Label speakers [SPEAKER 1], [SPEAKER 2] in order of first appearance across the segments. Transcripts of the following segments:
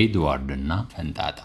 [SPEAKER 1] ኤድዋርድና ፈንጣጣ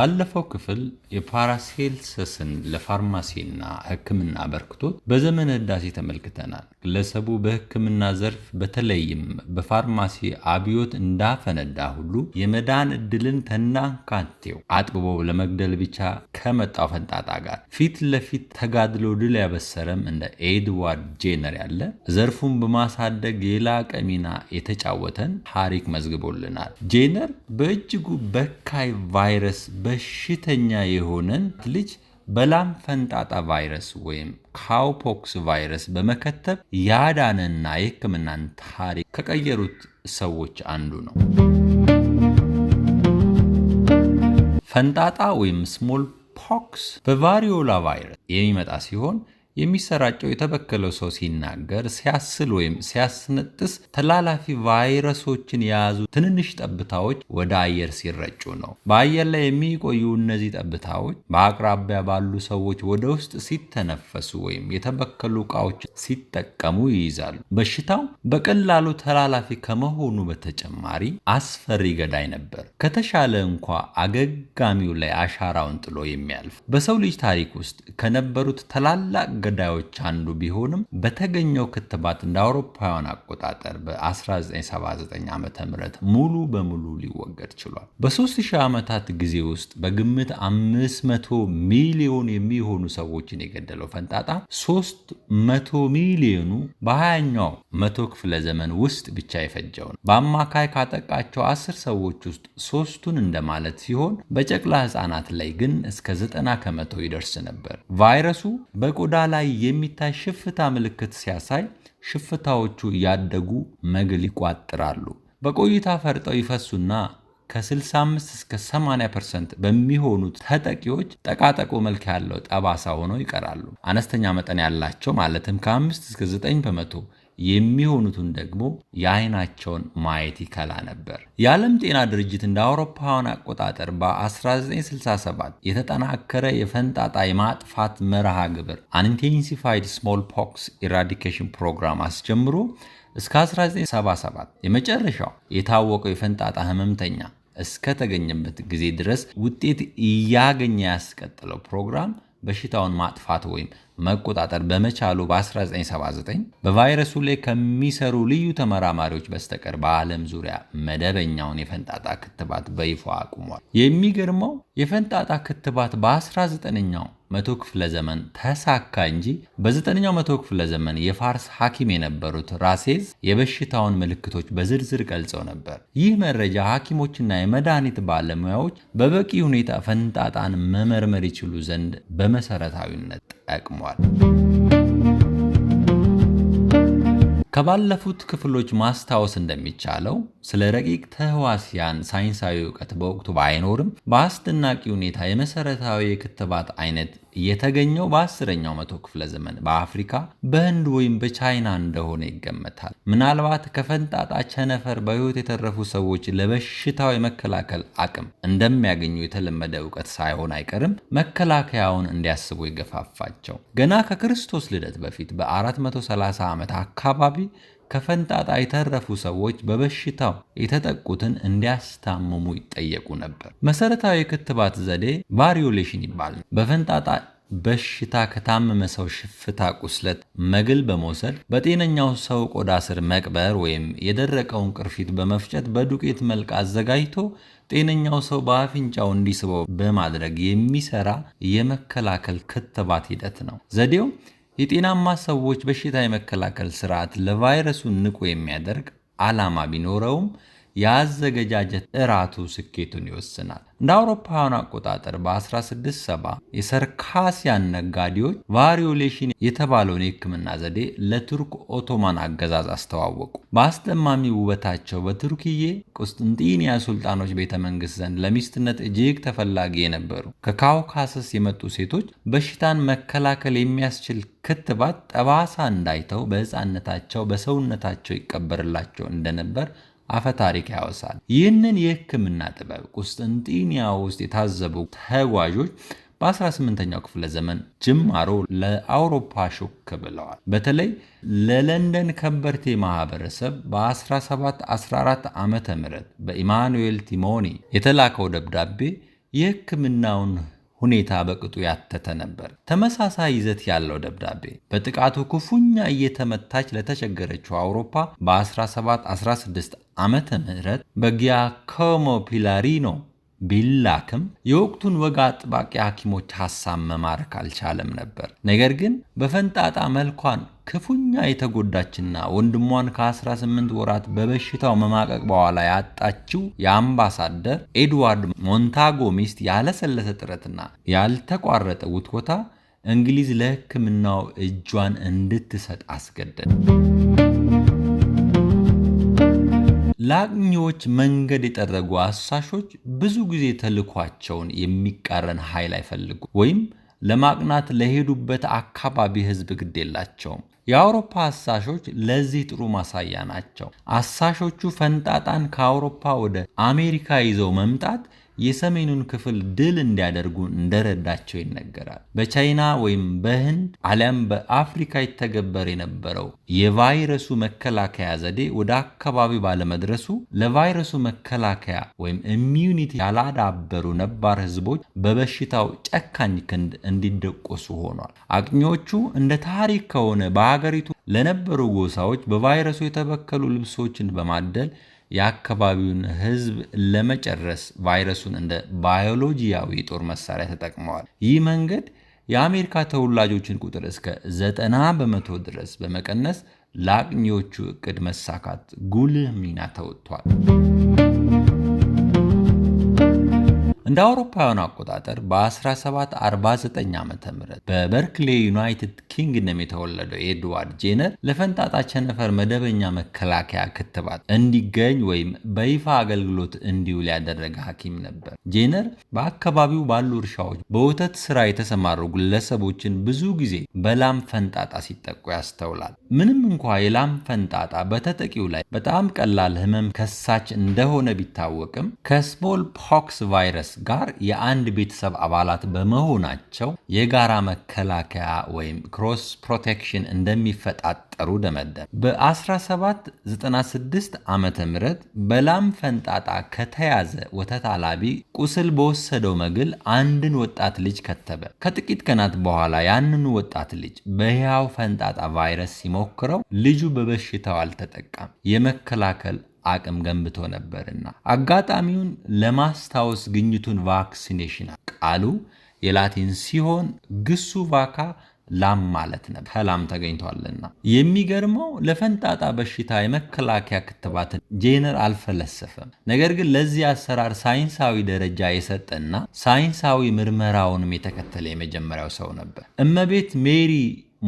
[SPEAKER 1] ባለፈው ክፍል የፓራሴልሰስን ለፋርማሲና ሕክምና አበርክቶት በዘመነ ሕዳሴ ተመልክተናል። ግለሰቡ በሕክምና ዘርፍ በተለይም በፋርማሲ አብዮት እንዳፈነዳ ሁሉ የመዳን እድልን ተናካቴው አጥብቦ ለመግደል ብቻ ከመጣው ፈንጣጣ ጋር ፊት ለፊት ተጋድሎ ድል ያበሰረም እንደ ኤድዋርድ ጄነር ያለ ዘርፉን በማሳደግ የላቀ ሚና የተጫወተን ታሪክ መዝግቦልናል። ጄነር በእጅጉ በካይ ቫይረስ በ በሽተኛ የሆነን ልጅ በላም ፈንጣጣ ቫይረስ ወይም ካውፖክስ ቫይረስ በመከተብ ያዳነና የሕክምናን ታሪክ ከቀየሩት ሰዎች አንዱ ነው። ፈንጣጣ ወይም ስሞል ፖክስ በቫሪዮላ ቫይረስ የሚመጣ ሲሆን የሚሰራጨው የተበከለው ሰው ሲናገር፣ ሲያስል ወይም ሲያስነጥስ ተላላፊ ቫይረሶችን የያዙ ትንንሽ ጠብታዎች ወደ አየር ሲረጩ ነው። በአየር ላይ የሚቆዩ እነዚህ ጠብታዎች በአቅራቢያ ባሉ ሰዎች ወደ ውስጥ ሲተነፈሱ ወይም የተበከሉ ዕቃዎች ሲጠቀሙ ይይዛሉ። በሽታው በቀላሉ ተላላፊ ከመሆኑ በተጨማሪ አስፈሪ ገዳይ ነበር። ከተሻለ እንኳ አገጋሚው ላይ አሻራውን ጥሎ የሚያልፍ በሰው ልጅ ታሪክ ውስጥ ከነበሩት ታላላቅ ገዳዮች አንዱ ቢሆንም በተገኘው ክትባት እንደ አውሮፓውያን አቆጣጠር በ1979 ዓ ም ሙሉ በሙሉ ሊወገድ ችሏል። በ3000 ዓመታት ጊዜ ውስጥ በግምት 500 ሚሊዮን የሚሆኑ ሰዎችን የገደለው ፈንጣጣ 300 ሚሊዮኑ በ20ኛው መቶ ክፍለ ዘመን ውስጥ ብቻ የፈጀው ነው። በአማካይ ካጠቃቸው አስር ሰዎች ውስጥ ሶስቱን እንደማለት ሲሆን በጨቅላ ህፃናት ላይ ግን እስከ 90 ከመቶ ይደርስ ነበር። ቫይረሱ በቆዳ ላይ የሚታይ ሽፍታ ምልክት ሲያሳይ ሽፍታዎቹ እያደጉ መግል ይቋጥራሉ። በቆይታ ፈርጠው ይፈሱና ከ65 እስከ 80% በሚሆኑት ተጠቂዎች ጠቃጠቆ መልክ ያለው ጠባሳ ሆነው ይቀራሉ። አነስተኛ መጠን ያላቸው ማለትም ከ5 እስከ 9 በመቶ የሚሆኑትን ደግሞ የአይናቸውን ማየት ይከላ ነበር። የዓለም ጤና ድርጅት እንደ አውሮፓውያን አቆጣጠር በ1967 የተጠናከረ የፈንጣጣ የማጥፋት መርሃ ግብር አንኢንቴንሲፋይድ ስሞል ፖክስ ኢራዲኬሽን ፕሮግራም አስጀምሮ እስከ 1977 የመጨረሻው የታወቀው የፈንጣጣ ህመምተኛ እስከተገኘበት ጊዜ ድረስ ውጤት እያገኘ ያስቀጠለው ፕሮግራም በሽታውን ማጥፋት ወይም መቆጣጠር በመቻሉ በ1979 በቫይረሱ ላይ ከሚሰሩ ልዩ ተመራማሪዎች በስተቀር በዓለም ዙሪያ መደበኛውን የፈንጣጣ ክትባት በይፋ አቁሟል። የሚገርመው የፈንጣጣ ክትባት በ19ኛው መቶ ክፍለ ዘመን ተሳካ እንጂ በዘጠነኛው መቶ ክፍለ ዘመን የፋርስ ሐኪም የነበሩት ራሴዝ የበሽታውን ምልክቶች በዝርዝር ገልጸው ነበር። ይህ መረጃ ሐኪሞችና የመድኃኒት ባለሙያዎች በበቂ ሁኔታ ፈንጣጣን መመርመር ይችሉ ዘንድ በመሰረታዊነት ጠቅሟል። ከባለፉት ክፍሎች ማስታወስ እንደሚቻለው ስለ ረቂቅ ተህዋስያን ሳይንሳዊ እውቀት በወቅቱ ባይኖርም በአስደናቂ ሁኔታ የመሰረታዊ የክትባት አይነት የተገኘው በአስረኛው መቶ ክፍለ ዘመን በአፍሪካ በህንድ ወይም በቻይና እንደሆነ ይገመታል። ምናልባት ከፈንጣጣ ቸነፈር በህይወት የተረፉ ሰዎች ለበሽታው የመከላከል አቅም እንደሚያገኙ የተለመደ እውቀት ሳይሆን አይቀርም መከላከያውን እንዲያስቡ ይገፋፋቸው። ገና ከክርስቶስ ልደት በፊት በ430 ዓመት አካባቢ ከፈንጣጣ የተረፉ ሰዎች በበሽታው የተጠቁትን እንዲያስታምሙ ይጠየቁ ነበር። መሰረታዊ የክትባት ዘዴ ቫሪዮሌሽን ይባል ነው። በፈንጣጣ በሽታ ከታመመ ሰው ሽፍታ ቁስለት መግል በመውሰድ በጤነኛው ሰው ቆዳ ስር መቅበር ወይም የደረቀውን ቅርፊት በመፍጨት በዱቄት መልክ አዘጋጅቶ ጤነኛው ሰው በአፍንጫው እንዲስበው በማድረግ የሚሰራ የመከላከል ክትባት ሂደት ነው። ዘዴው የጤናማ ሰዎች በሽታ የመከላከል ስርዓት ለቫይረሱ ንቁ የሚያደርግ ዓላማ ቢኖረውም የአዘገጃጀት ጥራቱ ስኬቱን ይወስናል። እንደ አውሮፓውያኑ አቆጣጠር በ1670 የሰርካሲያን ነጋዴዎች ቫሪዮሌሽን የተባለውን የሕክምና ዘዴ ለቱርክ ኦቶማን አገዛዝ አስተዋወቁ። በአስደማሚ ውበታቸው በቱርክዬ ቁስጥንጢንያ ሱልጣኖች ቤተ መንግስት ዘንድ ለሚስትነት እጅግ ተፈላጊ የነበሩ ከካውካሰስ የመጡ ሴቶች በሽታን መከላከል የሚያስችል ክትባት ጠባሳ እንዳይተው በህፃነታቸው በሰውነታቸው ይቀበርላቸው እንደነበር አፈ ታሪክ ያወሳል። ይህንን የሕክምና ጥበብ ቁስጥንጢንያ ውስጥ የታዘቡ ተጓዦች በ18ኛው ክፍለ ዘመን ጅማሮ ለአውሮፓ ሹክ ብለዋል። በተለይ ለለንደን ከበርቴ ማህበረሰብ በ1714 ዓ ም በኢማኑኤል ቲሞኒ የተላከው ደብዳቤ የሕክምናውን ሁኔታ በቅጡ ያተተ ነበር። ተመሳሳይ ይዘት ያለው ደብዳቤ በጥቃቱ ክፉኛ እየተመታች ለተቸገረችው አውሮፓ በ1716 ዓመተ ምህረት ኮሞ ፒላሪኖ ቢላክም የወቅቱን ወግ አጥባቂ ሐኪሞች ሐሳብ መማረክ አልቻለም ነበር። ነገር ግን በፈንጣጣ መልኳን ክፉኛ የተጎዳችና ወንድሟን ከ18 ወራት በበሽታው መማቀቅ በኋላ ያጣችው የአምባሳደር ኤድዋርድ ሞንታጎ ሚስት ያለሰለሰ ጥረትና ያልተቋረጠ ውትወታ እንግሊዝ ለሕክምናው እጇን እንድትሰጥ አስገደደ። ለአጥኚዎች መንገድ የጠረጉ አሳሾች ብዙ ጊዜ ተልኳቸውን የሚቃረን ኃይል አይፈልጉ ወይም ለማቅናት ለሄዱበት አካባቢ ህዝብ ግድ የላቸውም። የአውሮፓ አሳሾች ለዚህ ጥሩ ማሳያ ናቸው። አሳሾቹ ፈንጣጣን ከአውሮፓ ወደ አሜሪካ ይዘው መምጣት የሰሜኑን ክፍል ድል እንዲያደርጉ እንደረዳቸው ይነገራል። በቻይና ወይም በህንድ አሊያም በአፍሪካ ይተገበር የነበረው የቫይረሱ መከላከያ ዘዴ ወደ አካባቢ ባለመድረሱ ለቫይረሱ መከላከያ ወይም ኢሚዩኒቲ ያላዳበሩ ነባር ህዝቦች በበሽታው ጨካኝ ክንድ እንዲደቆሱ ሆኗል። አጥኚዎቹ እንደ ታሪክ ከሆነ በሀገሪቱ ለነበሩ ጎሳዎች በቫይረሱ የተበከሉ ልብሶችን በማደል የአካባቢውን ህዝብ ለመጨረስ ቫይረሱን እንደ ባዮሎጂያዊ ጦር መሳሪያ ተጠቅመዋል። ይህ መንገድ የአሜሪካ ተወላጆችን ቁጥር እስከ ዘጠና በመቶ ድረስ በመቀነስ ለአቅኚዎቹ እቅድ መሳካት ጉልህ ሚና ተወጥቷል። እንደ አውሮፓውያኑ አቆጣጠር በ1749 ዓ ም በበርክሌ ዩናይትድ ኪንግደም የተወለደው ኤድዋርድ ጄነር ለፈንጣጣ ቸነፈር መደበኛ መከላከያ ክትባት እንዲገኝ ወይም በይፋ አገልግሎት እንዲውል ያደረገ ሐኪም ነበር። ጄነር በአካባቢው ባሉ እርሻዎች በወተት ስራ የተሰማሩ ግለሰቦችን ብዙ ጊዜ በላም ፈንጣጣ ሲጠቁ ያስተውላል። ምንም እንኳ የላም ፈንጣጣ በተጠቂው ላይ በጣም ቀላል ህመም ከሳች እንደሆነ ቢታወቅም ከስሞል ፖክስ ቫይረስ ጋር የአንድ ቤተሰብ አባላት በመሆናቸው የጋራ መከላከያ ወይም ክሮስ ፕሮቴክሽን እንደሚፈጣጠሩ ደመደመ። በ1796 ዓ ም በላም ፈንጣጣ ከተያዘ ወተት አላቢ ቁስል በወሰደው መግል አንድን ወጣት ልጅ ከተበ። ከጥቂት ቀናት በኋላ ያንኑ ወጣት ልጅ በሕያው ፈንጣጣ ቫይረስ ሲሞክረው ልጁ በበሽታው አልተጠቃም። የመከላከል አቅም ገንብቶ ነበርና አጋጣሚውን ለማስታወስ ግኝቱን ቫክሲኔሽን ቃሉ የላቲን ሲሆን ግሱ ቫካ ላም ማለት ነው። ከላም ተገኝቷልና የሚገርመው ለፈንጣጣ በሽታ የመከላከያ ክትባትን ጄነር አልፈለሰፈም። ነገር ግን ለዚህ አሰራር ሳይንሳዊ ደረጃ የሰጠና ሳይንሳዊ ምርመራውንም የተከተለ የመጀመሪያው ሰው ነበር። እመቤት ሜሪ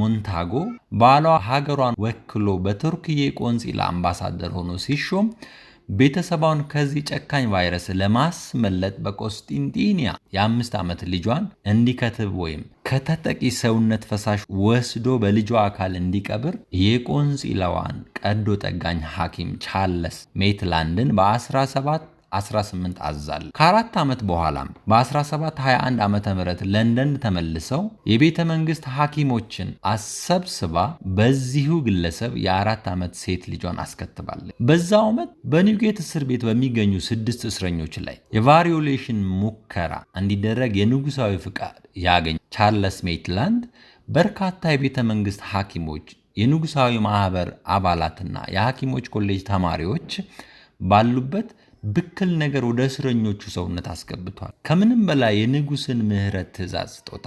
[SPEAKER 1] ሞንታጎ ባሏ ሀገሯን ወክሎ በቱርክ ቆንጽላ አምባሳደር ሆኖ ሲሾም ቤተሰቧን ከዚህ ጨካኝ ቫይረስ ለማስመለጥ በቆስጢንጢንያ የአምስት ዓመት ልጇን እንዲከትብ ወይም ከተጠቂ ሰውነት ፈሳሽ ወስዶ በልጇ አካል እንዲቀብር የቆንጽላዋን ቀዶ ጠጋኝ ሐኪም ቻርለስ ሜትላንድን በ17 18 አዛል። ከአራት ዓመት በኋላም በ1721 ዓ ም ለንደን ተመልሰው የቤተ መንግስት ሐኪሞችን አሰብስባ በዚሁ ግለሰብ የአራት ዓመት ሴት ልጇን አስከትባለች። በዛው ዓመት በኒውጌት እስር ቤት በሚገኙ ስድስት እስረኞች ላይ የቫሪዮሌሽን ሙከራ እንዲደረግ የንጉሳዊ ፍቃድ ያገኝ ቻርለስ ሜትላንድ በርካታ የቤተ መንግስት ሐኪሞች የንጉሳዊ ማህበር አባላትና የሐኪሞች ኮሌጅ ተማሪዎች ባሉበት ብክል ነገር ወደ እስረኞቹ ሰውነት አስገብቷል። ከምንም በላይ የንጉሥን ምሕረት ትእዛዝ ስጦታ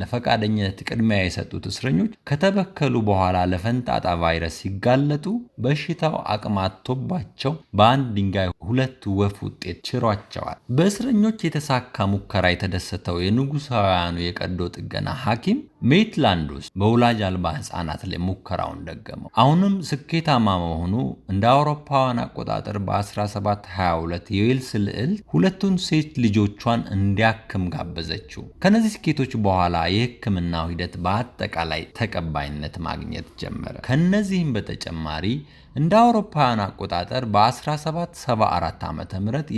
[SPEAKER 1] ለፈቃደኝነት ቅድሚያ የሰጡት እስረኞች ከተበከሉ በኋላ ለፈንጣጣ ቫይረስ ሲጋለጡ በሽታው አቅም አጥቶባቸው በአንድ ድንጋይ ሁለት ወፍ ውጤት ችሯቸዋል። በእስረኞች የተሳካ ሙከራ የተደሰተው የንጉሣውያኑ የቀዶ ጥገና ሐኪም ሜትላንድ ውስጥ በውላጅ አልባ ህፃናት ላይ ሙከራውን ደገመው። አሁንም ስኬታማ መሆኑ እንደ አውሮፓውያን አቆጣጠር በ1722 የዌልስ ልዕልት ሁለቱን ሴት ልጆቿን እንዲያክም ጋበዘችው። ከነዚህ ስኬቶች በኋላ የህክምና ሂደት በአጠቃላይ ተቀባይነት ማግኘት ጀመረ። ከነዚህም በተጨማሪ እንደ አውሮፓውያን አቆጣጠር በ1774 ዓ ም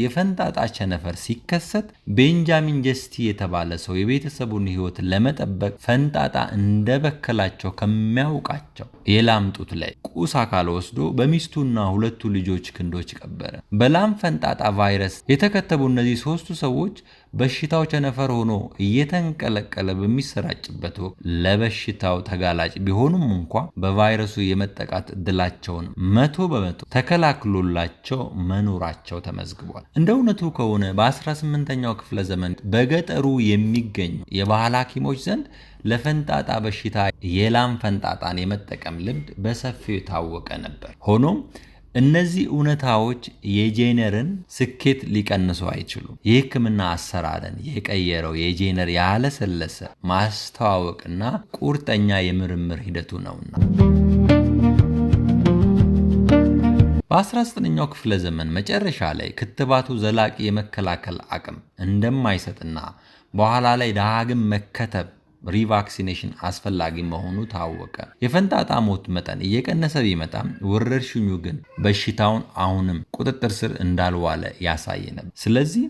[SPEAKER 1] የፈንጣጣ ቸነፈር ሲከሰት ቤንጃሚን ጀስቲ የተባለ ሰው የቤተሰቡን ህይወት ለመጠበቅ ፈን ጣጣ እንደበከላቸው ከሚያውቃቸው የላም ጡት ላይ ቁስ አካል ወስዶ በሚስቱና ሁለቱ ልጆች ክንዶች ቀበረ። በላም ፈንጣጣ ቫይረስ የተከተቡ እነዚህ ሶስቱ ሰዎች በሽታው ቸነፈር ሆኖ እየተንቀለቀለ በሚሰራጭበት ወቅት ለበሽታው ተጋላጭ ቢሆኑም እንኳ በቫይረሱ የመጠቃት እድላቸውን መቶ በመቶ ተከላክሎላቸው መኖራቸው ተመዝግቧል። እንደ እውነቱ ከሆነ በ18ኛው ክፍለ ዘመን በገጠሩ የሚገኙ የባህል ሐኪሞች ዘንድ ለፈንጣጣ በሽታ የላም ፈንጣጣን የመጠቀም ልምድ በሰፊው የታወቀ ነበር። ሆኖም እነዚህ እውነታዎች የጄነርን ስኬት ሊቀንሱ አይችሉም። የህክምና አሰራርን የቀየረው የጄነር ያለሰለሰ ማስተዋወቅና ቁርጠኛ የምርምር ሂደቱ ነውና። በ19ኛው ክፍለ ዘመን መጨረሻ ላይ ክትባቱ ዘላቂ የመከላከል አቅም እንደማይሰጥና በኋላ ላይ ዳግም መከተብ ሪቫክሲኔሽን አስፈላጊ መሆኑ ታወቀ። የፈንጣጣ ሞት መጠን እየቀነሰ ቢመጣም ወረርሽኙ ግን በሽታውን አሁንም ቁጥጥር ስር እንዳልዋለ ያሳየ ነበር። ስለዚህ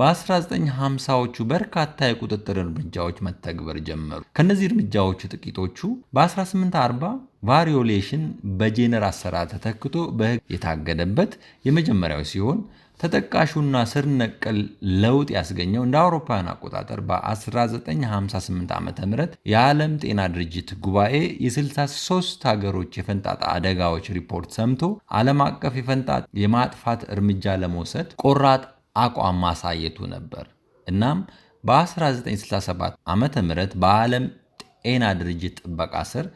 [SPEAKER 1] በ1950ዎቹ በርካታ የቁጥጥር እርምጃዎች መተግበር ጀመሩ። ከእነዚህ እርምጃዎቹ ጥቂቶቹ በ1840 ቫሪዮሌሽን በጄነር አሰራር ተተክቶ በህግ የታገደበት የመጀመሪያው ሲሆን ተጠቃሹና ስር ነቀል ለውጥ ያስገኘው እንደ አውሮፓውያን አቆጣጠር በ1958 ዓ ም የዓለም ጤና ድርጅት ጉባኤ የ63 ሀገሮች የፈንጣጣ አደጋዎች ሪፖርት ሰምቶ ዓለም አቀፍ የፈንጣጣ የማጥፋት እርምጃ ለመውሰድ ቆራጥ አቋም ማሳየቱ ነበር። እናም በ1967 ዓ ም በዓለም ጤና ድርጅት ጥበቃ ስር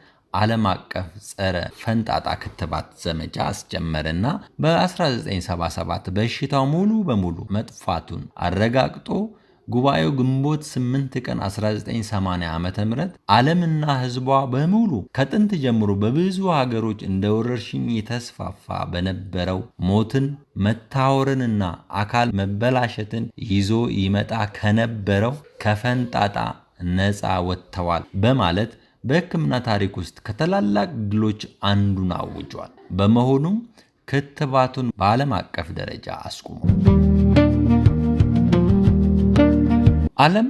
[SPEAKER 1] ዓለም አቀፍ ጸረ ፈንጣጣ ክትባት ዘመቻ አስጀመረና በ1977 በሽታው ሙሉ በሙሉ መጥፋቱን አረጋግጦ ጉባኤው ግንቦት 8 ቀን 1980 ዓ.ም ዓለምና ሕዝቧ በሙሉ ከጥንት ጀምሮ በብዙ ሀገሮች እንደ ወረርሽኝ የተስፋፋ በነበረው ሞትን፣ መታወርንና አካል መበላሸትን ይዞ ይመጣ ከነበረው ከፈንጣጣ ነፃ ወጥተዋል በማለት በሕክምና ታሪክ ውስጥ ከታላላቅ ድሎች አንዱን አውጇል። በመሆኑም ክትባቱን በዓለም አቀፍ ደረጃ አስቁሟል። ዓለም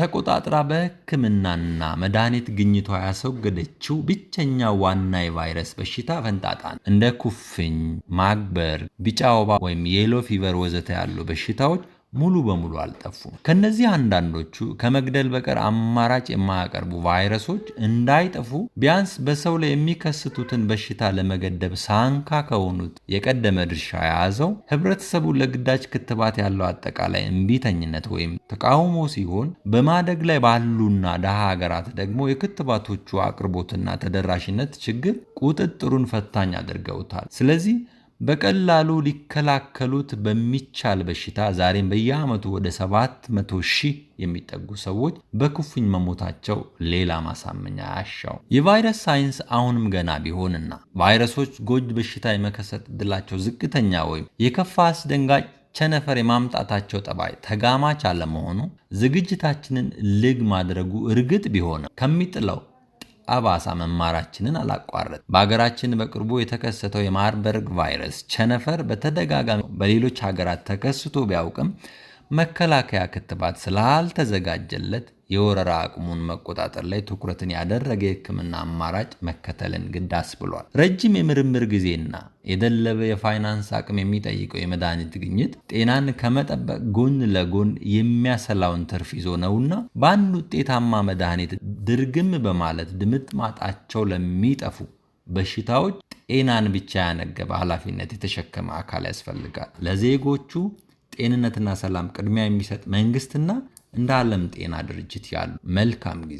[SPEAKER 1] ተቆጣጥራ በሕክምናና መድኃኒት ግኝቷ ያስወገደችው ብቸኛ ዋና የቫይረስ በሽታ ፈንጣጣ እንደ ኩፍኝ፣ ማግበር፣ ቢጫ ወባ ወይም የሎ ፊቨር ወዘተ ያሉ በሽታዎች ሙሉ በሙሉ አልጠፉም። ከነዚህ አንዳንዶቹ ከመግደል በቀር አማራጭ የማያቀርቡ ቫይረሶች እንዳይጠፉ ቢያንስ በሰው ላይ የሚከስቱትን በሽታ ለመገደብ ሳንካ ከሆኑት የቀደመ ድርሻ የያዘው ህብረተሰቡ ለግዳጅ ክትባት ያለው አጠቃላይ እምቢተኝነት ወይም ተቃውሞ ሲሆን በማደግ ላይ ባሉና ደሃ ሀገራት ደግሞ የክትባቶቹ አቅርቦትና ተደራሽነት ችግር ቁጥጥሩን ፈታኝ አድርገውታል። ስለዚህ በቀላሉ ሊከላከሉት በሚቻል በሽታ ዛሬም በየዓመቱ ወደ 700 ሺህ የሚጠጉ ሰዎች በኩፍኝ መሞታቸው ሌላ ማሳመኛ ያሻው። የቫይረስ ሳይንስ አሁንም ገና ቢሆንና ቫይረሶች ጎጅ በሽታ የመከሰት ዕድላቸው ዝቅተኛ ወይም የከፋ አስደንጋጭ ቸነፈር የማምጣታቸው ጠባይ ተጋማች አለመሆኑ ዝግጅታችንን ልግ ማድረጉ እርግጥ ቢሆንም ከሚጥለው አባሳ መማራችንን አላቋረጥ። በሀገራችን በቅርቡ የተከሰተው የማርበርግ ቫይረስ ቸነፈር በተደጋጋሚ በሌሎች ሀገራት ተከስቶ ቢያውቅም መከላከያ ክትባት ስላልተዘጋጀለት የወረራ አቅሙን መቆጣጠር ላይ ትኩረትን ያደረገ የሕክምና አማራጭ መከተልን ግድ አስብሏል። ረጅም የምርምር ጊዜና የደለበ የፋይናንስ አቅም የሚጠይቀው የመድኃኒት ግኝት ጤናን ከመጠበቅ ጎን ለጎን የሚያሰላውን ትርፍ ይዞ ነውና በአንድ ውጤታማ መድኃኒት ድርግም በማለት ድምጥ ማጣቸው ለሚጠፉ በሽታዎች ጤናን ብቻ ያነገበ ኃላፊነት የተሸከመ አካል ያስፈልጋል። ለዜጎቹ ጤንነትና ሰላም ቅድሚያ የሚሰጥ መንግስትና እንደ ዓለም ጤና ድርጅት ያሉ መልካም ጊዜ